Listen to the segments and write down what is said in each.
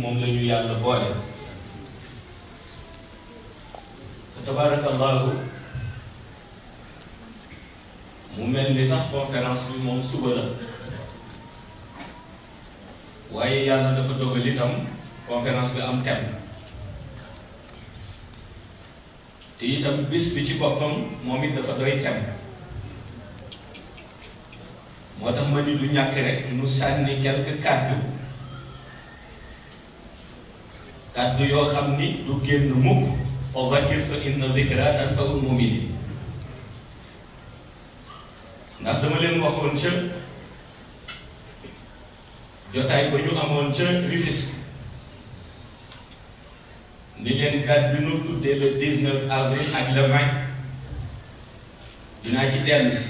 moom la ñu yàlla boole fa tabarakallahu mu mel ni sax conference bi moom suba la waaye yàlla dafa dogal itam conférence bi am thème te itam bis bi ci boppam moom it dafa doy thème moo tax ma ni du ñàkk rek nu sànni quelques kàddu kàddu yoo xam ni du génn mukk wa zakkir fa inna zikra tanfa'ul mu'minin ndax dama leen waxoon ca jotaay ba ñu amoon ca Rufisque ni leen date bi nu tuddee le 19 avril ak le 20 dinaa ci dellu si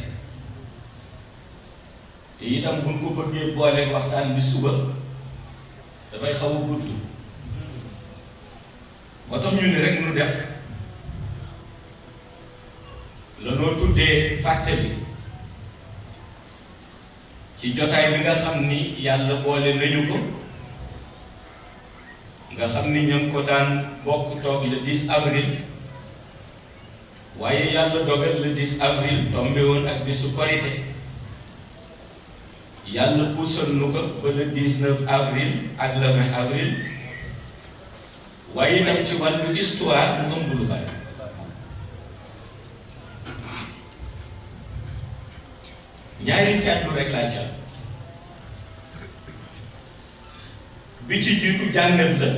te itam buñ ko bëggee booleeg waxtaan bi suba dafay xaw a moo tax ñu ne rek nu def la noo tuddee fàttali ci jotaay bi nga xam ni yàlla boole nañu ko nga xam ni ñoo ngi ko daan bokk toog le 10 avril waaye yàlla dogal le 10 avril tombé woon ak bisu korite yàlla nu ko ba le avril ak avril waaye itam ci wàllu histoire lu ëmb lu bari ñaari seetlu rek laa ca bi ci jiitu jàngat la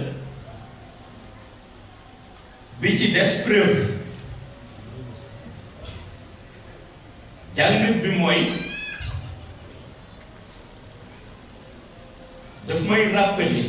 bi ci des preuve jàngat bi mooy daf may rappeler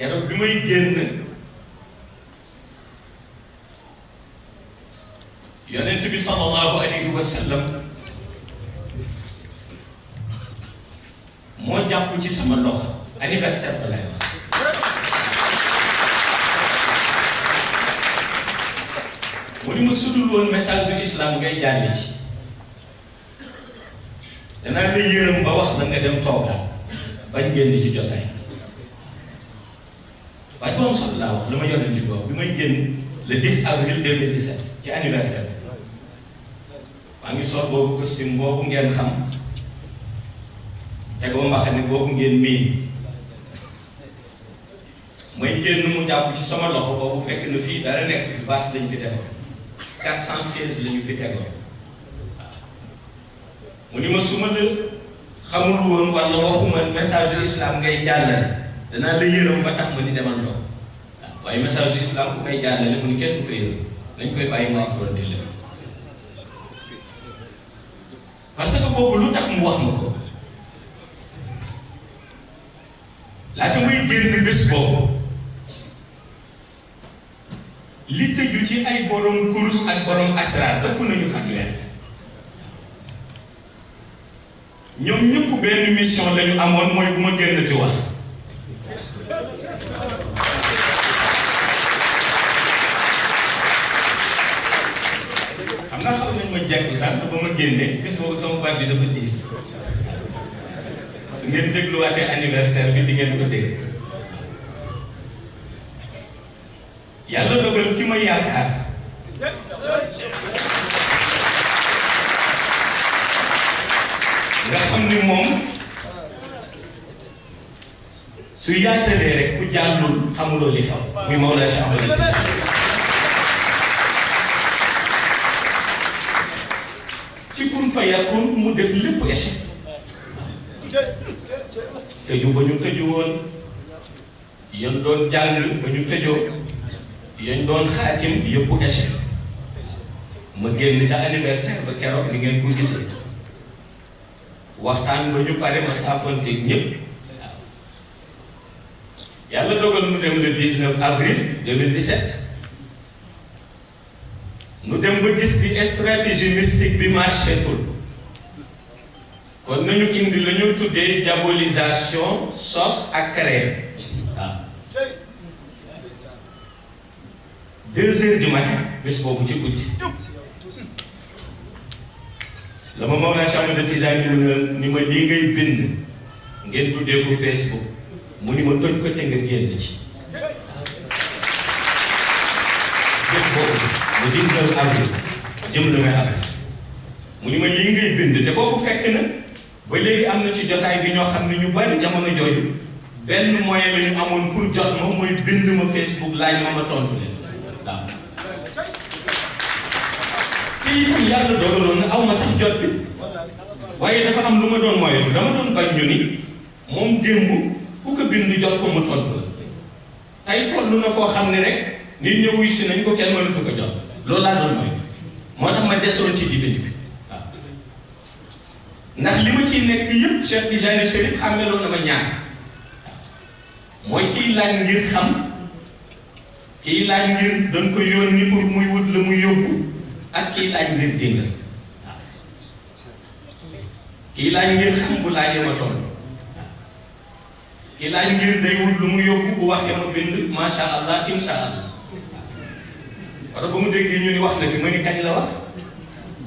keroog bi may génn yonent bi sallallahu alayhi wa sallam moo jàpp ci sama loxo anniversaire ba lay wax mu ni ma sudul woon message yu islam ngay jàll ci danaa la yërëm ba wax la nga dem toogal bañ génn ci jotaay ak moom sax laa wax lu ma yonent bi wax bi may génn le 10 avril 2017 anniversaire bi ngi sol boobu costume boobu ngeen xam tegoo mbaxane boobu ngeen miin may génn mu jàpp ci sama loxo boobu fekk na fii dara nekk fi bâche lañ fi defoon 416 la ñu fi tegoon mu ni ma su la xamul woon wala waxuma message yu islam ngay jàllale danaa la yërëm ba tax ma ni demal waaye message yu islam bu koy jàllale mu ni kenn bu koy yëg dañ koy bàyyi mu affronté lépp parce que boobu lu tax mu wax ma ko laata muy génn bés boobu li tëju ci ay borom kurus ak borom asrar ëpp nañu fanweer ñoom ñëpp benn mission la ñu amoon mooy bu ma génn di wax. ma jàkku sànq ba ma génnee bis boobu sama baat bi dafa diis su ngeen dégluwaatee anniversaire bi di ngeen ko dégg yàlla dogal ki ma yaakaar nga xam ni moom su yaatalee rek ku jàllul xamuloo li xaw muy Maodo Cheikh Ahmed kun fa yakun mu def lépp échec tëju ba ñu tëju woon yan doon jàng ba ñu tëjoo yan doon xaatim yëpp échec ma génn ca anniversaire ba keroog ni ngeen ko gisee waxtaan ba ñu pare ma saafonte ñëpp yàlla dogal mu dem le 19 avril 2017. nu dem ba gis ni stratégie mystique bi marché tul kon nañu indi la ñu tuddee diabolisation sos ak créer waaw deux heures du matin bés boobu ci guddi la ma moom la chambre de Tijaan mu ne ni ma lii ngay bind ngeen tuddee ko Facebook mu ni ma toj ko te nga génn ci le 19 avril jëm le 20 avril mu ñu ma lii ngay bind te boobu fekk na ba léegi am na ci jotaay bi ñoo xam ne ñu bari jamono jooju benn moyen la ñu amoon pour jot ma mooy bind ma Facebook laaj ma ma tontu leen waaw. te itam yàlla lu ma doon moytu dama doon bañ ñu ni moom démb ku ko bind la tey toll na foo xam ne rek. nit ñi wuy si nañ ko kenn mënatu ko jot loolu laa doon mooy moo tax ma ci dibe bi waaw ndax li ma ci nekk yëpp Cheikh Tijani Chérif xàmmeloon na ma ñaar mooy kiy laaj ngir xam kiy laaj ngir dañ ko yónni pour muy wut la muy ak kiy laaj ngir déggal waaw kiy ngir xam bu laajee ma toll. ki laaj ngir day wut lu mu yóbbu bu waxee ma bind macha allah incha allah parce que ba mu déggee ñu ni wax na fi ma kañ la wax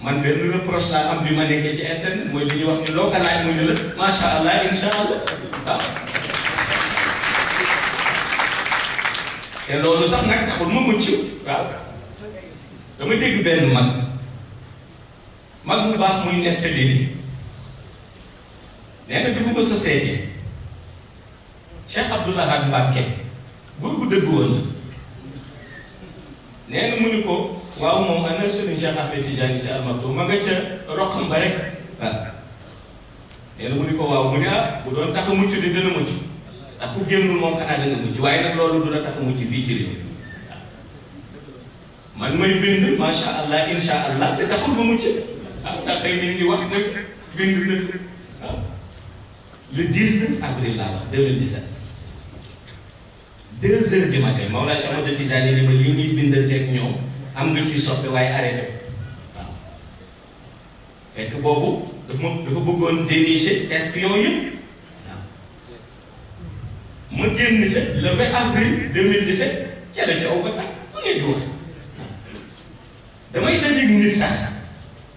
man benn reproche laa am bi ma ci internet wax ni allah insha allah waaw te sax nag taxul ma mucc waaw dama dégg benn mag mag bu baax muy nettali ni nee na ko sa Cheikh Mbacke la nee na mu ni ko waaw moom ana sëriñ Cheikh Ahmed Tidiane si Almaktoum ma nga ca roqam ba rek waaw nee ko waaw mu ah bu doon tax a mucc de dana mucc ndax ku génnul moom xanaa dana mucc waaye nag loolu du la tax mucc fii ci réew man may bind macha allah insha allah te taxul ma mucc waaw ndax xëy nit ñi wax nag bind na waaw le 19 avril laa wax 2017 deux heures du matin Maola Cheikh Ahmad Tidiane ni ma li ñuy bindanteeg ñoom am nga ciy soppe waaye arrêté waaw fekk boobu dafa dafa bëggoon dénicher espion yëpp waaw ma génn ca le 20 avril 2017 ca la coow ba tax ku ne di wax damay dajeeg nit sax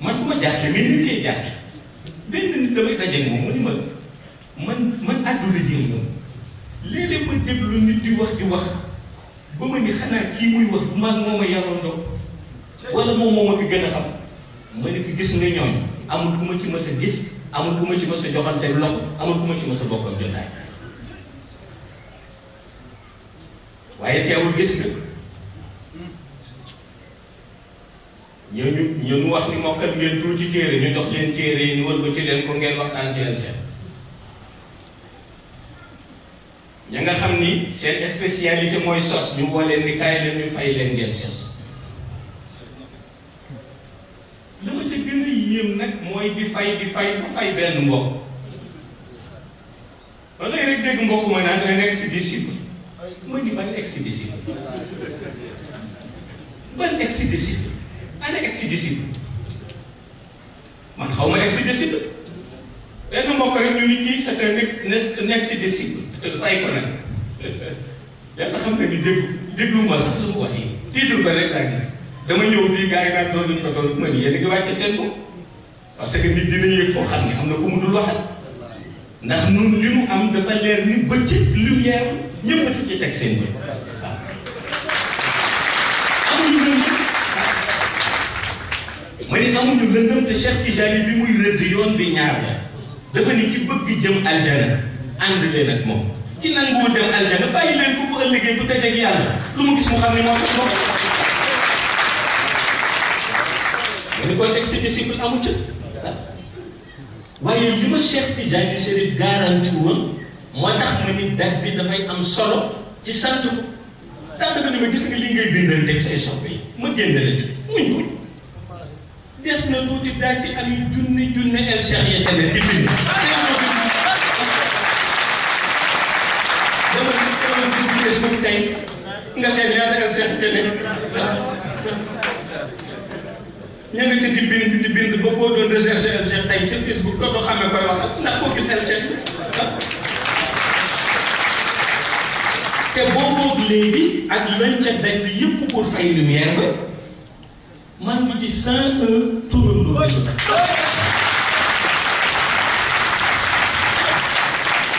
man bu ma jaaxle mais nit koy mu ni man man àdduna jéem ñoom léeg-léeg ma déglu nit di wax di wax ba ma ni xanaa kii muy wax bu mag moo ma yaroon ndox wala moom moo ma fi gën a xam ma ni ko gis nga ñooñ ci mës a gis amul ku ma ci mës a joxante amul ku ma ci mës a bokk ak jotaay waaye teewul gis nga ñooñu ñooñu wax ni mokkal ngeen tuuti téere ñu jox leen téere yi ñu wëlbati leen ko ngeen waxtaan ci seen ña nga xam ni seen spécialité mooy sos ñu woo leen ni kaay leen ñu fay leen ngeen sos la ma gën a yéem nag mooy di fay di fay ba fay benn mbokk ba ngay rek dégg mbokk ma naan un ex-disciple ma ni ban ex-disciple ban ex-disciple ana ex-disciple man xaw ma ex-disciple benn mbokk rek ñu ni kii c'est un ex-disciple fay ko nag xam nga ni déglu déglu ma lu mu wax yi titre ba gis dama fii gars yi naan doon nañu ko doon bu ma nii parce que nit dina yëg foo na ko mu dul waxal ndax nun li mu am dafa leer ni bëccëg lumière ñëpp a ci teg seen bopp ma ne amuñu lëndëm te Cheikh Tijani bi muy rëdd yoon bi ñaar la dafa ni ki bëgg jëm aljana ànd leen ak moom ki nanguwul dem aljana bàyyi leen ko bu ëllëgee bu dajeeg yàlla lu mu gis mu xam ne moo tax moom. dañu koy teg si disciple amul ca waaye li ma Cheikh Tidiane Chérif garanti woon moo tax ma ni date bi dafay am solo ci sant ko daanaka ni ma gis nga li ngay bindal teg say soppe yi ma génn la ci muñ ko des na tuuti daa ci am junni junni el Cheikh ya ca ne di bind. tey nga seet ñaata nga seet tene ñu ngi ci di bind di bind ba boo doon recherche El Facebook dootoo xamee koy wax ndax boo gis El Cheikh te boo boog léegi ak lañ ca daj bi yëpp pour fay lumière ba man ngi ci cent un turandoo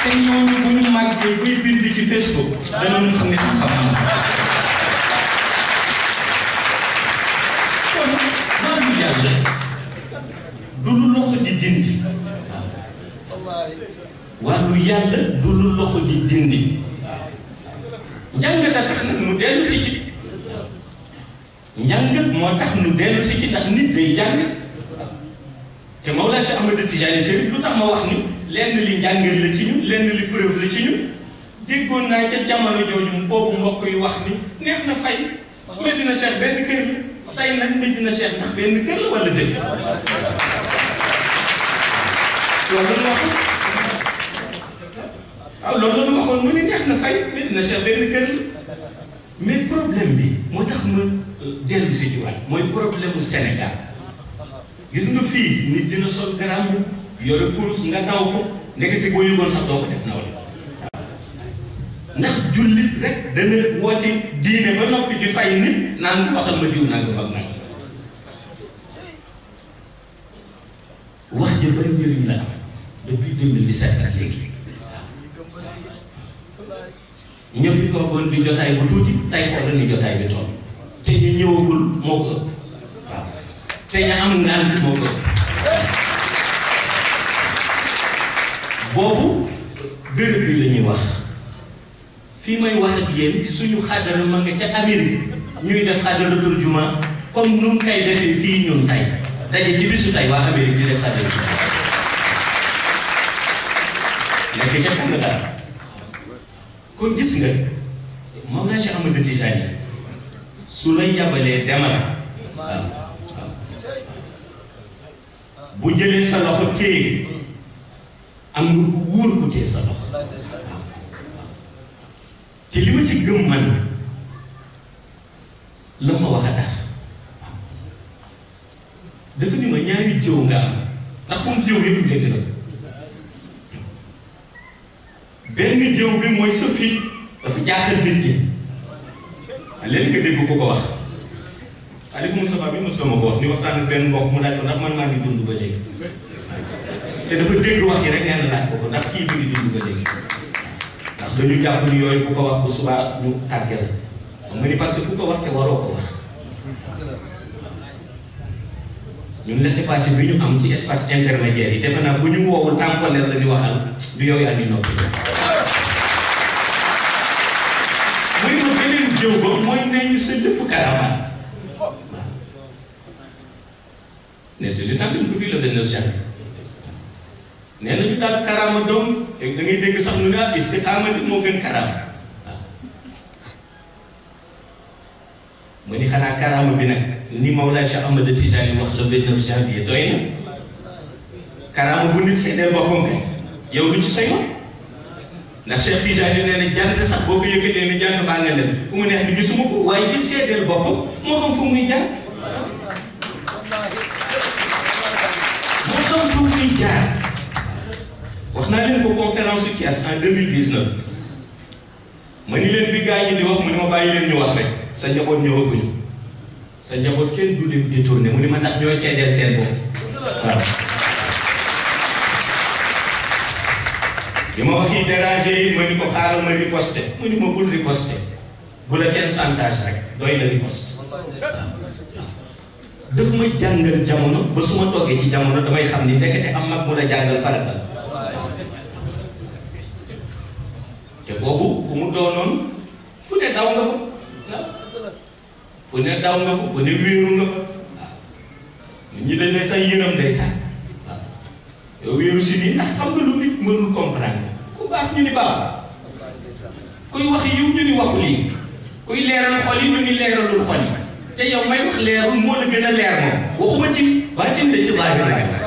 te ñooñu bu ñu màggee buy bind ci Facebook danañu xam ne xam-xam am na. kon maamu yàlla du di dindi wàllu yàlla du lu di dindi njàngat a tax mu dellu si ci njàngat moo tax nu dellu si ci ndax nit day jàng te Mawlana Cheikh Ahmed Tidiane Chérif lu tax wax ni. lenn li njàngat la ci ñu lenn li preuve la ci ñu déggoon naa ca jamono jooju boobu mbokk yi wax ni neex na fay Medina Cheikh benn kër la tey nag Medina Cheikh ndax benn kër la wala dëgg loolu la ñu waxoon waaw loolu la ñu waxoon mu ni neex na fay Medina Cheikh benn kër la mais problème bi moo tax ma dellu si jiwaat mooy problème mu Sénégal gis nga fii nit dina sol garaam yore kurus nga taw ko ndekete boo yëgoon sax doo ko def nawle ndax jullit rek dana woote diine ba noppi di fay nit naan waxal ma diw naa nga mag nag wax ja bari njëriñ la am depuis 2017 ak léegi waaw ñoo fi toogoon di jotaay bu tuuti tey xool ni jotaay bi toll te ñu ñëwagul moo ko waaw te am ngànt moo ko boobu gërëm bi la wax fii may wax ak yéen suñu xadara ma nga ca Amérique ñuy def xadaratul juma comme nu mu koy defee ñun ci bisu di def xadara kon gis nga moom laa si Amadou Tijani su lay demal bu sa loxo am nga ku wóor ku tee sa loxo te li ma ci gëm la ma wax a tax dafa ni ma ñaari jëw nga am ndax comme jëw yëpp dégg na benn jëw bi mooy sa fit dafa jaaxal nit ñi léegi nga dégg ku ko wax Aliou Moussa bi mos na ma ko wax ni waxtaan ak benn mbokk mu daal ko ndax man maa ngi ba léegi. te dafa dégg wax ji rek nee na laaj ko ko ndax kii bi di dund nga dégg ndax dañu jàpp ni yooyu ku ko wax bu subaa ñu tàggal xam nga ni parce que ku ko wax te waroo ko wax ñun laissez-passer bi ñu am ci nee nañu daal karaama doom te da ngay dégg sax ñu ne ah istiqaama di moo gën karaama waaw mu ni xanaa karaama bi nag ni Mawlaa Cheikh Ahmad Tijaani wax le 29 janvier doy na karaama bu nit seedee boppam kay yow lu ci sa yoon ndax Cheikh Tijaani nee na jant sax boo ko yëkkatee ne jant baa nga leen fu mu neex ni gisuma ko waaye gis seedeel boppam moo xam fu muy jaar moo xam fu muy jaar. wax naa leen ko conférence su Thiès en 2019 ma ni leen bi gars yi di wax mu ne ma bàyyi leen ñu wax rek sa njaboot ñëwaguñu sa njaboot kenn du leen mu ne ma ndax ñooy seedeel seen bopp waaw. li ma wax yi dérangé yi mu ni ma bul riposte bu la kenn rek doy la riposte ma jàngal jamono ba su ma toogee ci jamono damay xam ni ndekete am mag mu la jàngal farata te boobu ku mu doonoon fu ne daw nga fa fu ne daw nga fa fu ne wéeru nga fa waaw ñi dañ lay say yërëm day sax waaw yow wéeru si nii ndax xam nga lu nit mënul comprendre ku baax ñu ni baax kuy wax yiw ñu ni waxul yi kuy leeral xol yi ñu ni leeralul xol yi te yow may wax leerul moo la gën a leer moom waxuma ci baatin de ci zaahir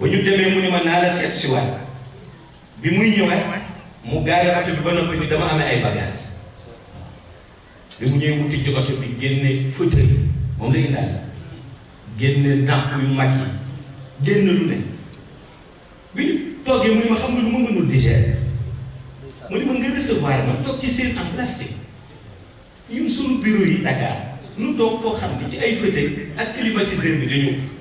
ba ñu demee mu ni ma naa la seet si waat bi muy ñëwaat mu gaari oto bi ba noppi ni dama amee ay bagage bi mu ñëwee wuti ji bi génne fauteuil moom la indaal génne napp yu mag yi génn lu ne bi ñu toogee mu ni ma xam nga lu ma mënul digérer mu ni ma nga recevoir ma toog ci seen en plastique ñun suñu bureau yi Dakar ñu toog foo xam ne ci ay fauteuil ak climatiseur bi dañu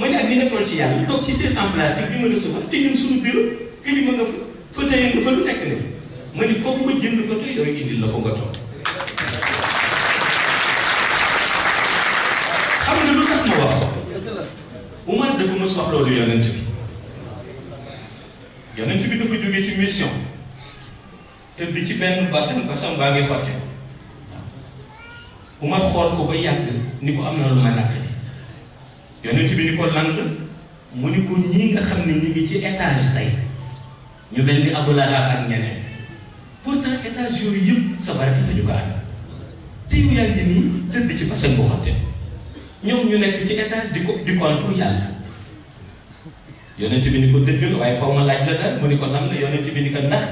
ma ak ñi nekkoon ci yàlla toog ci seen en place bi ma recevoir te ñun suñu bureau climat nga fa fauteuil nga fa lu nekk na ma ni foog ma jënd fauteuil yooyu indil la ko nga toog. xam nga lu tax ma wax ko dafa mës wax yonent bi yonent bi dafa jógee ci mission te bi ci benn basan basan baa ngi xotte Umar xool ko ba yàgg ni ko am na lu ma nàkk yonent bi ni ko lan la mu ni ko ñii nga xam ne ñu ngi ci étage tey ñu mel ni Abu Lahab ak ñeneen pourtant étage yooyu yëpp sa barke dañu ko ànd te ci façon bu xotte ñoom ñu nekk ci étage di ko di yàlla yonent bi ni ko dëggal waaye faw ma la mu ni ko lan la yonent bi ni ko ndax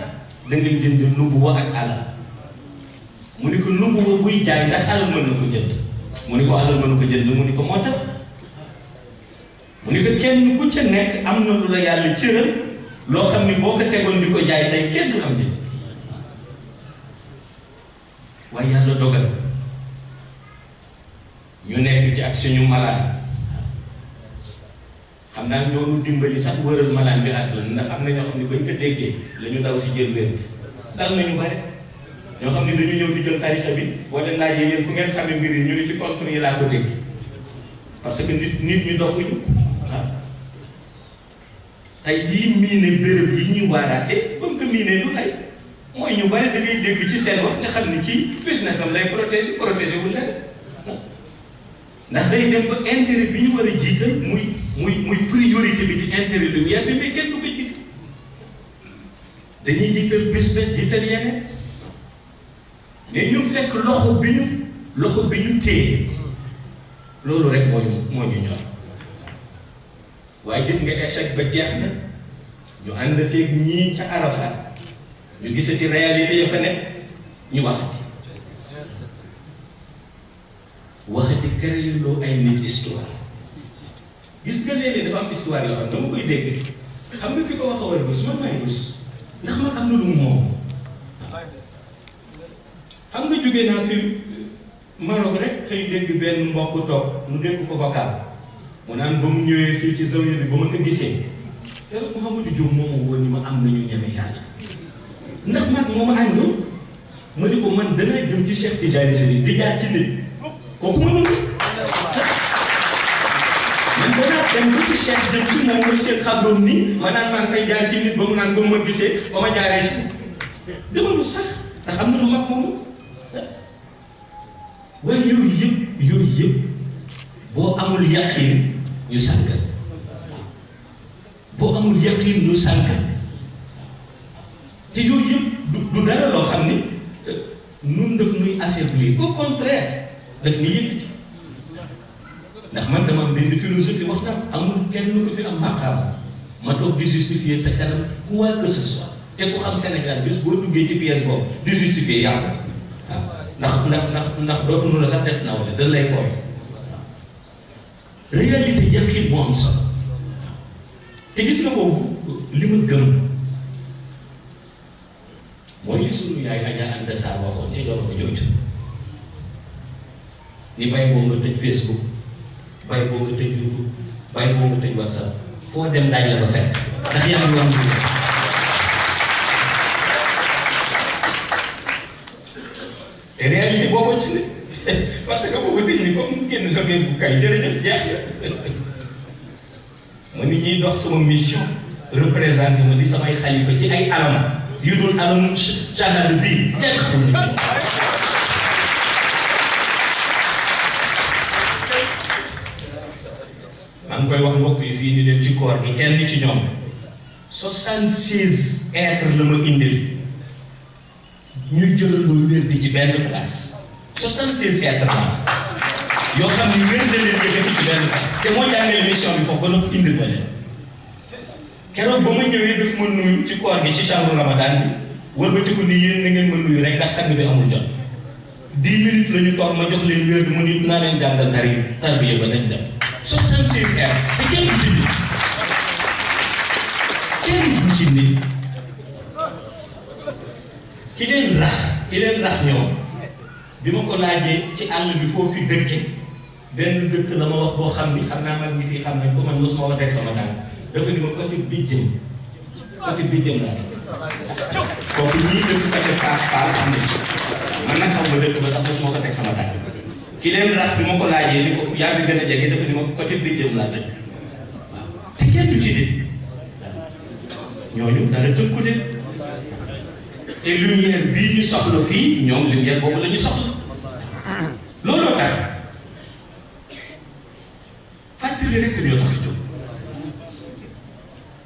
da ngay jënd nubuwa ak alal mu ni ko nubuwa buy jaay ndax alal mën na ko jënd mu ni ko alal mën na ko jënd mu ni ko moo tax ni ko kenn ku ca nekk am na lu la yàlla cëral loo xam ni boo ko tegoon di ko jaay tey kenn du am de waaye yàlla dogal ñu nekk ci ak suñu malaan xam naa ñoo ñu dimbali sax wëral malaan bi àdduna ndax am na ñoo xam ne bañ ko déggee la ñu daw si jël wér dal nañu bare ñoo xam ne dañu ñëw di jël tarixa bi boo leen laajee fu ngeen xamee mbir ñu ngi ci contre yi laa ko dégg parce que nit nit ñi doxuñu ay lii miine béréb yi ñuy waaraate comme que miine lu tey mooy ñu bari da ngay dégg ci seen wax nga xam ni ci business am lay protéger protéger wu leen ndax day dem ba intérêt bi ñu war a jiital muy muy muy priorité bi di intérêt lumière bi mais kenn du ko jiital dañuy jiital business jiital yeneen mais ñu fekk loxo bi ñu loxo bi ñu téye loolu rek moo ñu moo ñu ñor. waaye gis nga échec ba jeex na ñu ànd teeg ñii ca Arafat ñu gisati réalité ya fa nekk ñu waxati waxati créeloo ay nit histoire gis nga léeg-léeg dafa am histoire yoo xam ne dama koy dégg xam nga wax a war a bés man maay bés ndax am na lu mu moom xam nga naa fi Maroc rek xëy dégg benn mbokk toog mu dégg ko vocal mu naan ba mu ñëwee fii ci zawiya bi ba ma ko gisee yàlla Mouhamadou Diop moo ma woon ni ma am nañu ñeme yàlla ndax mag moo ma àndul ma ni ko man danaa jëm ci Cheikh Tidiane Chérif di jaar ci nit kooku mënul man danaa dem ba ci Cheikh jëm ci moom la Cheikh xabroom ni ma naan maa ngi fay jaar ci nit ba mu naan ba ma gisee ba ma jaaree ci demalu sax ndax am na lu mag moomu waaye yooyu yëpp yooyu yëpp boo amul yàqin ñu sànk boo amul yaqin ñu sànk te yooyu du dara xam ni nun euh, daf nuy affaiblir au contraire daf nuy yëkkati ndax man dama am benn philosophie wax na amul kenn nu ko fi am maqaam ma toog di justifier sa kanam quoi que ce soit te ku xam Sénégal bis boo duggee ci pièce boobu di justifier yàqu ndax ndax ndax ndax dootu nu la sax def naw dañ lay fooy réalité yaqin moo am solo te gis nga boobu li ma gëm mooy li suñu yaay Adja Anta Sarr waxoon ci doon ko jooju ni bay boo nga tëj Facebook bay boo nga tëj YouTube bay boo nga tëj WhatsApp foo dem daaj la fa fekk ndax yaa ngi woon te réalité boobu ci ne parce que boobu dañ ni comme génn sa Facebook kay jërëjëf jeex na ni dox sama mission représenté ma di samay xalifa ci ay alam yu dul alam shahada bii kenn xamul ngi koy wax mbokk yi fii ni leen ci koor bi kenn ci ñoom 76 être êtres la ma indil ñu jëlandoo wér di ci benn place 76 seize êtres la yoo xam ne wér na leen yëkkati ci benn place te moo jàngale mission bi foofu ba noppi indil ma leen keroog ba ma ñëwee daf ma nuyu ci koor ci chambre ramadan bi wëlbatiku eh, ni yéen na ngeen ma nuyu rek ndax sang bi amul jot dix minutes la ñu ma jox leen wér mu ni naa leen jàngal tari tarbiya ba nañ dem soixante heures te kenn kenn ci nit ki leen rax ki leen rax ñoom bi ko laajee ci bi dëkke benn dëkk la ma wax boo xam ni xam naa mag ñi fii xam nañ ko man mosuma sama dafa ni ma côté Bidjen côté Bidjen laa kooku ñii dëkk côté Fass Fall am nañ man nag xam nga dëkk ba tax moo ko teg sama tànk ki leen rax bi ma ko laajee ni ko yaa te kenn du ci nit ñooñu dara tënku de te lumière bii ñu soxla fii ñoom lumière boobu la ñu soxla looloo tax fàttali rek ñoo tax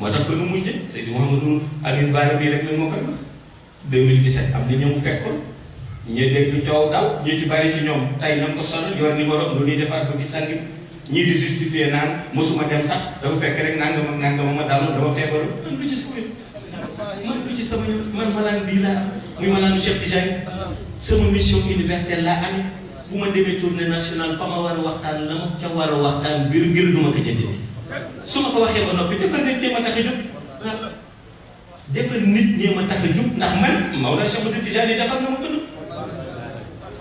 moo tax nu mujj Seydou Mouhamadou Amine Bara bii rek lañ moo koy wax 2017 am na ñoom fekkoon ñu dégg coow daw ñu ci bari ci ñoom tey ñoom ko sonal yor numéro lu ñuy defaat bëgg sànni ñii di justifié naan mosuma dem sax dafa fekk rek nangam ak nangam ma dal dama feebaru man lu ci sama man lu ci sama man malaan bii laa muy malaanu Cheikh Tijani sama mission universelle laa kan. amee bu ma demee tournée nationale fa ma war a waxtaan la virgule du ko su ma ko waxee ba noppi defal nit ñi ma tax a jóg defal nit ñi ma tax a jóg ndax man Maodo Cheikh Ahmed Tidiane defal na ma ko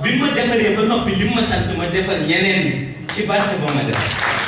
bi ma defaree ba noppi li ma sant ma defal ñeneen ci barke ba ma def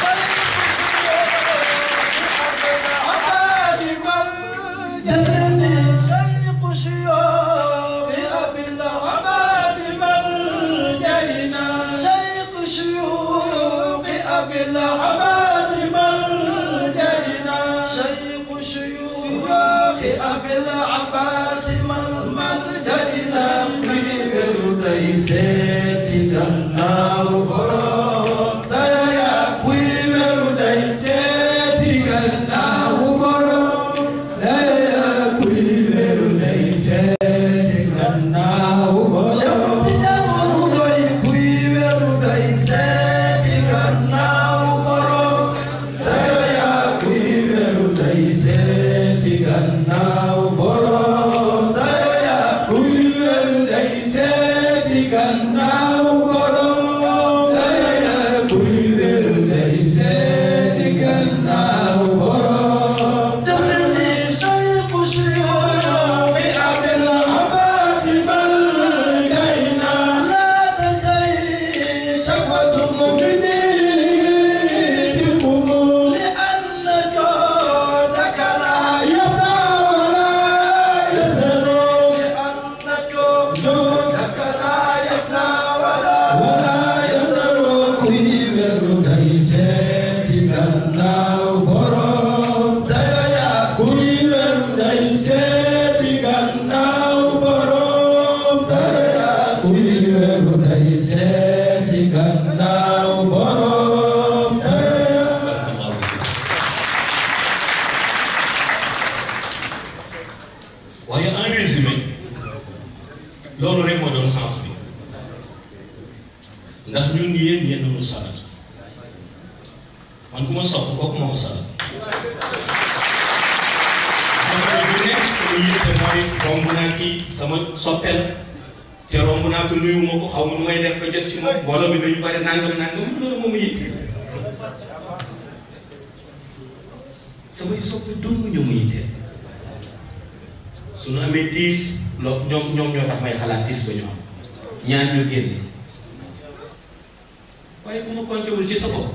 waaye bu ma compté ci sa bopp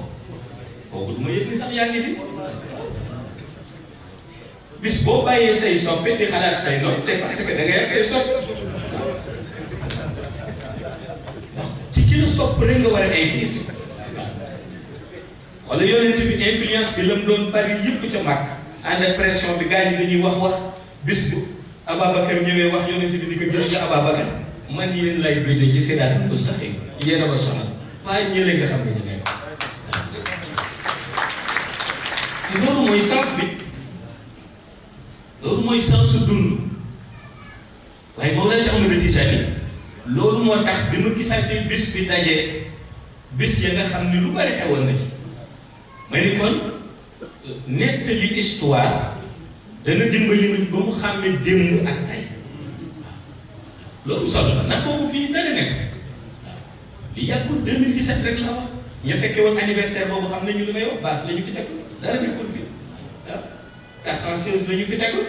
kooku du ni sax fi bis ya, say di xalaat say nopp c'est parce que da ngay ak say ci ki la sopp rek nga war a inquiété wala yonent bi influence bi la doon bari yëpp ca màkk ànd pression bi gars dañuy wax wax bis bu wax bi ko man yéen lay gëj ci siraatul mustaqim yéen a ma waaye ñële nga xam ne ñu ngi loolu mooy sens bi loolu mooy sens su loolu moo tax bi mu gisante bis bi dajee bis ya nga xam ne lu bari xewoon na ci ma ni kon nettali histoire dana dimbali nit ba mu xam démb ak tey loolu solo nag boobu fii dara nekk. li yàggul 2017 rek la wax ñu fekkee woon anniversaire boobu xam nañu li may wax bâche la ñu fi teg dara nekkul fi ah 416 la ñu fi teg ah,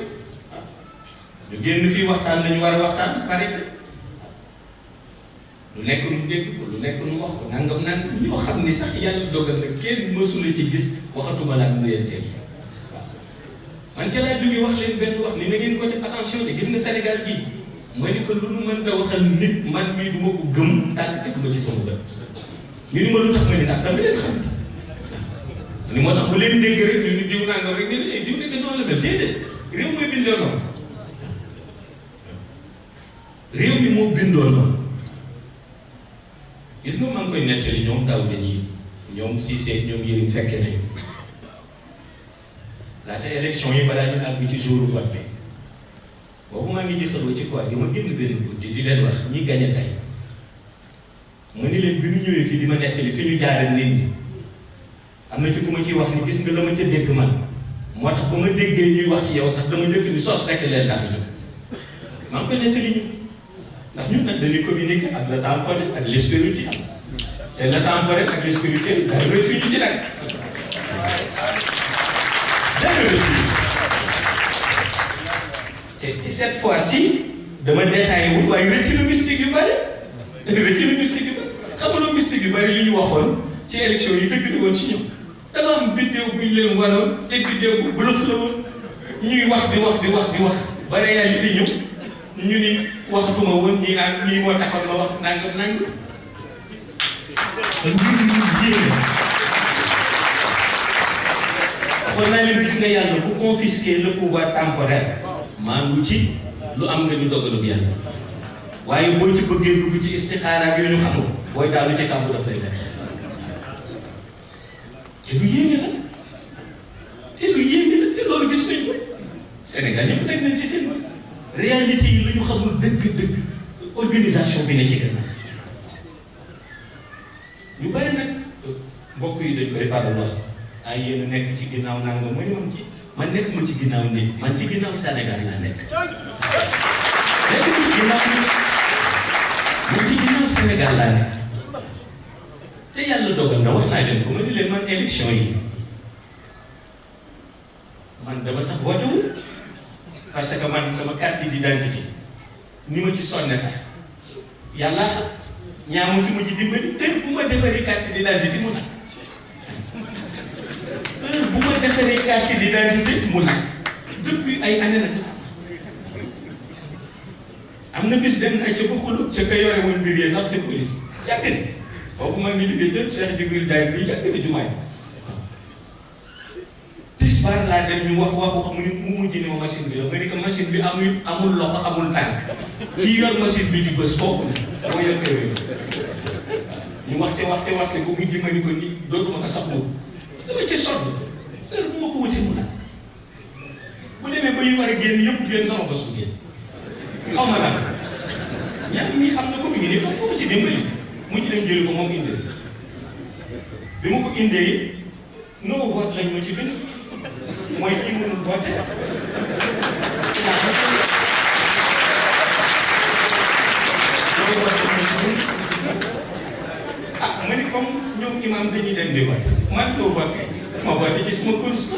ñu génn fii waxtaan la ñu a waxtaan pare lu nekk lu mu dégg lu nekk lu wax ko nangam nangam ñoo xam ni sax yàlla dogal na kenn mësula ci gis waxatuma la ak nuyanteel waaw man ca laa jógee wax leen benn wax ni na ko def attention de gis nga Sénégal gii. ma ni ko lu nu mënta waxal nit man mii du ma ko gëm tànk teg ko ci sama bët ñu ni ma lu tax ma ni ndax dama leen xam ni moo tax bu leen dégg rek ñu ni diw nangam rek ngeen eh, diw nekk noonu la mel déedéet réew mooy bindoo noonu réew mi moo bindoo noonu gis nga maa ngi koy nettali ñoom taw dañuy ñoom Cissé ñoom yëriñ fekke nañu laata élection yi balaa ñu àgg ci jouru vote bi boobu maa ngi ci xeloo ci quoi di ma génn benn guddi di leen wax ñi ni leen bi ñu ñëwee fii di ma nettali fi ñu jaaree nit ñi am na ci ku ma ciy wax ni gis nga dama ca dégg man moo tax ba ma déggee ñuy wax ci yow sax dama njëkk ni sos rek leen tax ñu maa ngi koy nettali ñu ndax ñun nag dañuy communiquer ak le temporel ak l' spirituel te le temporel ak l' spirituel dara rëccu ñu ci nag dara rëccu cette fois-ci dama détaillé wul waaye rëcc na mystique yu bëri rëcc na mystique yu bëri xam nga mystique yu bëri li ñu waxoon ci élection yi dëgg na woon ci ñoom dafa am biddéew bu ñu leen wanoon te biddéew bu bëlëf la woon ñuy wax di wax di wax di wax ba réalité ñëw ñu ni waxtuma woon ñii na ñii moo taxoon ma wax nangam nangam mbir mi jéem waxoon naa leen gis nga yàlla bu confisquer le pouvoir maandu ci lu am nga ñu dogalub yàlla waaye boo ci bëggee dugg ci istixaara ak yooyu ñu xamul booy daalu ci kàmbu daf lay def te lu yéeme la te lu yéeme la te loolu gis nañ ko Sénégal ñëpp teg nañ ci seen réalité yi la ñu xamul dëgg-dëgg na ci gën ñu bëri nag mbokk yi dañ koy faral wax ay yéen nekk ci ginnaaw nangam mëni man ci man nekk ma ci ginnaaw nit man ci ginnaaw Sénégal laa nekk nekk ma ci ginnaaw nit man ci ginnaaw Sénégal laa nekk te yàlla dogal na wax naa leen ko ma ni leen man élection yi man dama sax wootewul parce que man sama carte d'identité ni ma ci sonne sax yàlla xam ñaamu ci ma ci dimbali heure bu ma defaree carte d'identité mu nag ko defee ne quartier daal di tëj mu lakk depuis ay année am na bis dem na ca ko xulub ca ka yore woon mbir yee sax te police yàgg na kooku maa ngi liggéey ca Cheikh Jibril Daay bi yàgg na jumaa ji tisbaar laa dem ñu wax wax wax mu ni mu mujj ma machine bi la ma ni machine bi amul amul loxo amul tànk kii yor machine bi di bës kooku la moo yor kër ñu waxte waxte waxte bu mujj ma ko ni dootuma ko sax dugg dama ci sonn sër bu ma ko wutee mu nag bu demee ba yu war a génn yëpp génn sama bos bu génn xaw ma nag ñaar mi xam na ko mi ngi nii ko ko ci dimbali mu ñu dem jëli ko moom indee bi ma ko indee noo vote lañ ma ci bind mooy kii mënul vote ah ma ni comme ñoom imam dañuy dem di vote man doo vote ma boole ci sama course.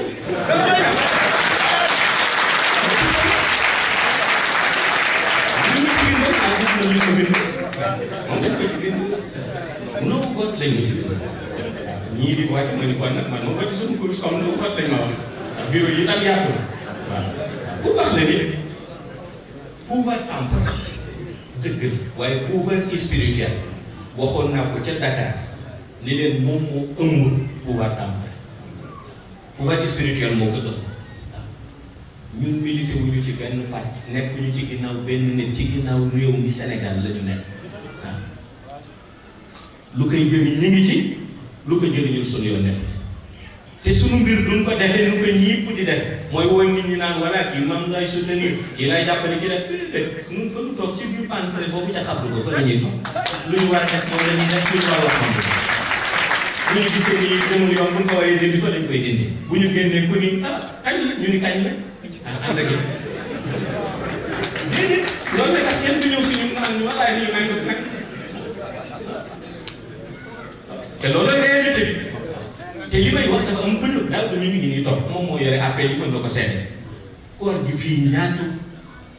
non vote lañ ma ci bind. ñii di wàcc ma ni kon nag man ma vote ci sama course comme vote lañ ma wax. bureau yi tam yaatu waaw wax la ni pouvoir temporel la waaye pouvoir spirituel waxoon naa ko ca Dakar ni leen moom moo ëmb pouvoir pouvoir spirituel moo ko doon ñun ci benn parti nekk ñu ci ginnaaw benn nit ci ginnaaw réew mi Sénégal la ñu nekk waaw lu koy jëriñ ci lu ko jëriñul suñu yoon nekk te mbir duñ ko defee nu ko ñëpp di def mooy wooy nit ñi naan voilà kii man lay soutenir yi lay jàppale ci rek déedéet ñun fa lu toog ci biir panfare boobu ca xablu ko fa la ñuy toog lu ñu war a def moom la ñuy def lu ñu war a wax moom ñu ne gis que ni bu ñu ko wayee bu ñu génnee ku ni ah kañ la ñu ni kañ la ah ànd ak yéen. déedéet loolu la tax kenn du ñëw suñu naan walaay ni ñu naan def nag te loolu la réalité bi te li may wax dafa am bële daaw bi ñu ngi nii moom moo yore appel yi mën nga ko seede koor gi fii ñaatu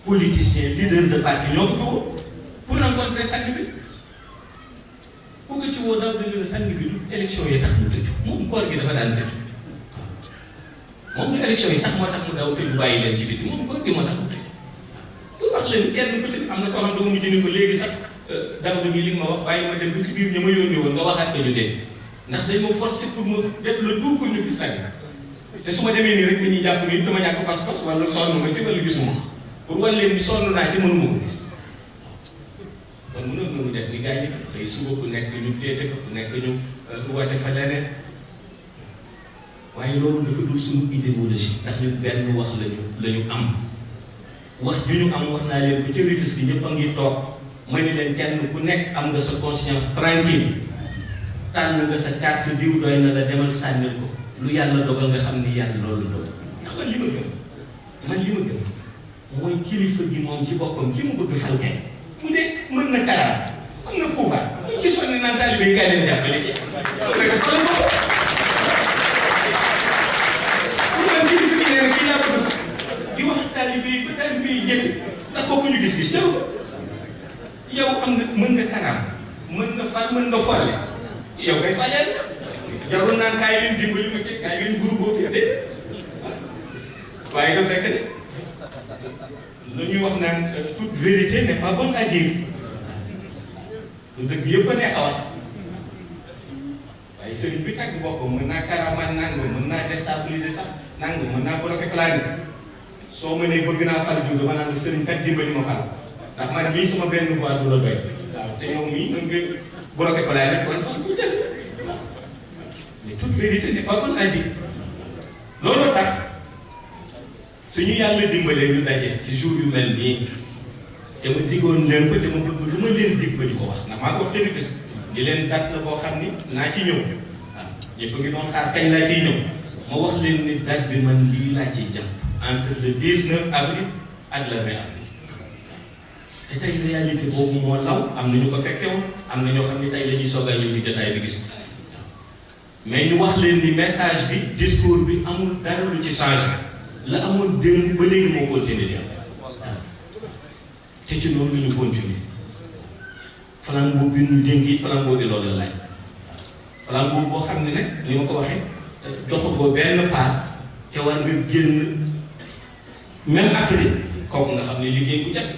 politicien leader de parti ñoo ko fi woo pour rencontrer sànni bi. ku ko ci woo daaw dëgg la sang bi du élection yi tax mu tëju moom koor gi dafa daan tëju moom ñu élection yi sax moo tax mu daaw bàyyi leen ci biti moom koor wax leen kenn am na mu jënd ko léegi sax euh, daaw bi li ma wax bàyyi ma dem ba ci biir ña ma yónni woon nga waxaat ko ñu dee ndax dañ ma forcé pour ma def le tout pour ñu gis sang te su ma demee nii rek dañuy jàpp ni dama ñàkk pas-pas wala sonn ma ci wala gisuma pour wan leen ni naa ci mënuma ko gis kon mënoon nañu def ni gars yi xëy suba ku nekk ñu féete fa ku nekk ñu euh, woote fa leneen waaye loolu dafa dul suñu idéologie ndax ñu benn wax lañu lañu am wax ju ñu am wax naa leen ko ci rifis bi ñëpp a ngi toog ma ne leen kenn ku nekk am nga sa conscience tranquille tànn nga sa carte diw doy na la demal sànnil ko lu yàlla dogal nga xam ni yàlla loolu dogal ndax man li ma mooy kilifa gi moom ci boppam ki mu bëgg fal tey mu dee mën na taal mën na pouvoir ñu ci sonni naan taalibe yi kaay leen jàppale ci loolu rek problème boobu la. ci biir kii rek kii laa ko def di wax taalibe yi fa taalibe yi jënd ndax kooku ñu gis-gis jaww yow am nga mën nga kanam mën nga far mën nga forle yow kay fajal jarul naan kaay leen dimbali ma ci kaay leen groupe boo fi de waaye dafa fekk de lu ñuy wax naan euh, toute vérité n'est pas bonne à dire. te dëgg yëpp a neex a wax waaye sëriñ bi tàgg boppam mën naa karaman nangam mën naa déstabiliser sax nangam naa bloqué clavier soo ma nee bëgg naa fal jiw dama naan sëriñ kat dimbali ma fal ndax man mii sama benn voix du la doy te yow mii mën nga bloqué clavier rek kon fal ko jël waaw mais toute vérité n'est pas bonne à dire loolu tax suñu yàlla dimbalee ñu daje ci jour yu mel nii te ma diggoon leen te ma bëgg lu ma leen dig ba di ko wax ndax maa ko wax bénéfice di leen dat la boo xam ni naa ci ñëw waaw ñëpp ngi doon xaar kañ laa ci ñëw ma wax leen ni date bi man lii laa ciy jàpp entre le 19 avril ak le 20 avril te tey réalité boobu moo am na ñu ko fekkewoon am na ñëw ci jotaay bi gis mais ñu wax leen ni message bi discours bi amul dara lu ci changé la amoon démb ba léegi moo continué di te ci loolu ñu continuer flambeau bi ñu dénk it flambeau bi loolu la laaj flambeau boo xam ne nag ni ma ko waxee joxu ko benn part te war nga génn même Afrique kooku nga xam ne liggéey bu jafe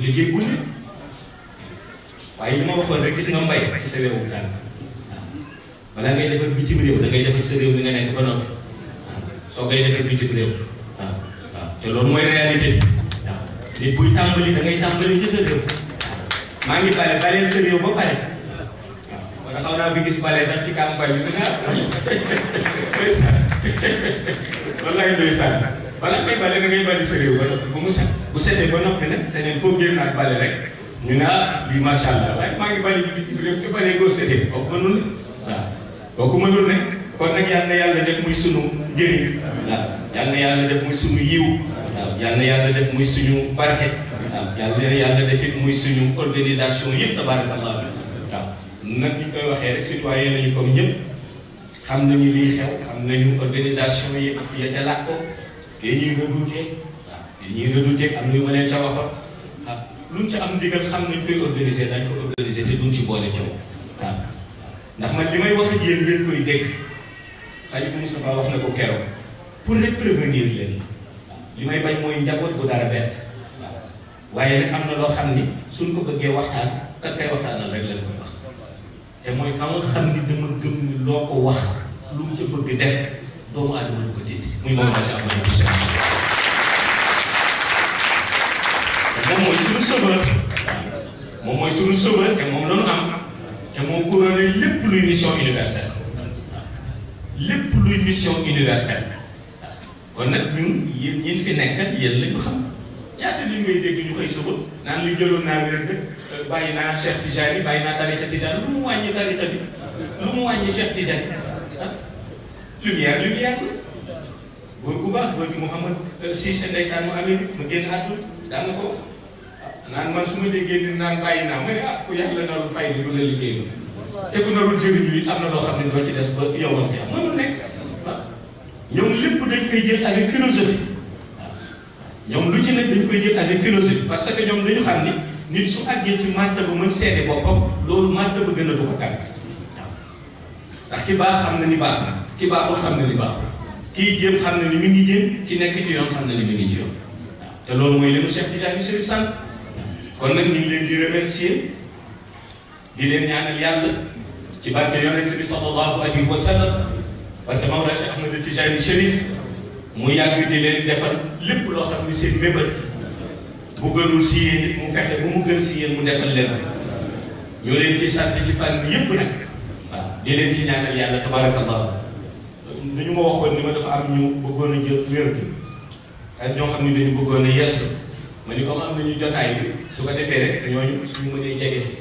liggéey bu ne waaye li ma waxoon rek gis nga mbay ci sa réew mi daal waaw balaa ngay defar bitim réew da defar sa réew mi nekk ba noppi soo koy defar bitim réew waaw waaw te loolu mooy réalité bi waaw nit buy tàmbali da ngay ci sa réew. maa ngi bale bale sérieux ba pare waaw man xaw naa fi bale sax ci campagne bi dina doy sax wallaay doy sax bale da ngay bale sérieux ba noppi ba mu set bu setee ba noppi nag te neen foo génn ak bale rek ñu naa ah, bi macha allah waaye maa ngi bale bi te bale goo setee kooku mënul waaw kooku mënul rek kon nag yal na yàlla def muy sunu njëriñ waaw yal na yàlla def muy sunu yiw waaw waaw yàlla na yàlla muy suñu organisation yëpp tabarakallah waaw nag ñu koy waxee rek citoyen lañu xam nañu liy xew xam nañu organisation yi ya ca làkk ko te ñuy redouté waaw te am ñu ma leen ca waxoon waaw luñ ca am ndigal xam nañ koy organisé dañ ko organisé te boole coow waaw ndax man li may wax ak yéen ngeen koy dégg xalifa Moustapha wax na ko keroog pour rek prévenir leen li may bañ mooy njaboot bu dara bett waaye nag am na loo xam ni suñ ko bëggee waxtaan kat kay waxtaanal rek lañ koy wax te mooy ka nga xam ni dama gëm ni loo ko wax lu mu ca bëgg def doomu aadama lu ko déet muy moom macha allah ñu se te moom mooy suñu sauveur moom mooy suñu sauveur te moom lañu am te moo couronné lépp luy mission universelle lépp luy mission universelle kon nag ñun yéen ñi fi nekkal yéen la ñu xam ñaata li ngay dégg ñu xëy suba naan li jëloon naa wér de bàyyi naa Cheikh Tijani bàyyi naa tarixa Tijani lu mu wàññi tarixa bi lu mu wàññi Cheikh Tijani ah, lumière lumière la góor gu baax góor gi Mouhamad euh, Cissé ndeysaan mu amee mu génn àdduna daa nga ko wax ah, naan man su ma déggee ni naan bàyyi naa ma ne ah ku yàlla narul fay ni du la liggéey te ku narul jëriñu it am na loo xam ne doo des ba yow am fi am nekk ah ñoom lépp dañ koy jël avec ñoom lu ci nekk dañ koy jël avec philosophie parce que ñoom dañu xam ni nit su àggee ci màtta ba mën seede boppam loolu màtta ba gën a du ko kawe waaw ki baax xam na ni baax na ki baax xam na ni baaxul kii jéem xam na ni mi ngi jéem ki nekk ci yoon xam na ni mi ngi te loolu mooy li mu Cheikh Tijaan bi Sëriñ kon nag ñu ngi leen di remercier di leen ñaanal yàlla ci barke yonent bi sallallahu alayhi wa sallam barke Mawlana Cheikh Ahmed Tijani Chérif mu yàgg di leen defal lépp loo xam ni seen mébét bu gënul si yéen it mu fexe bu mu gën si yéen mu defal leen rek ñoo leen ci sant ci fànn yépp nag waaw di leen ci ñaanal yàlla tabaarakallah ni ñu ma waxoon ni ma dafa am ñu bëggoon a jël wér bi ak ñoo xam ne dañu bëggoon a yeeslu ma ni comme am nañu jotaay bi su ko defee rek ñooñu suñu mënee jege si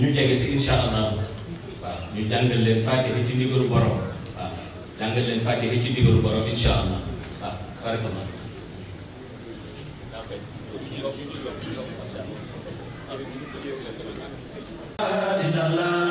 ñu jege si incha allah waaw ñu jàngal leen fatiha ci ndigalu borom jàngal leen fàtte ci ndigalu borom incha allah waaw barakallah incha allah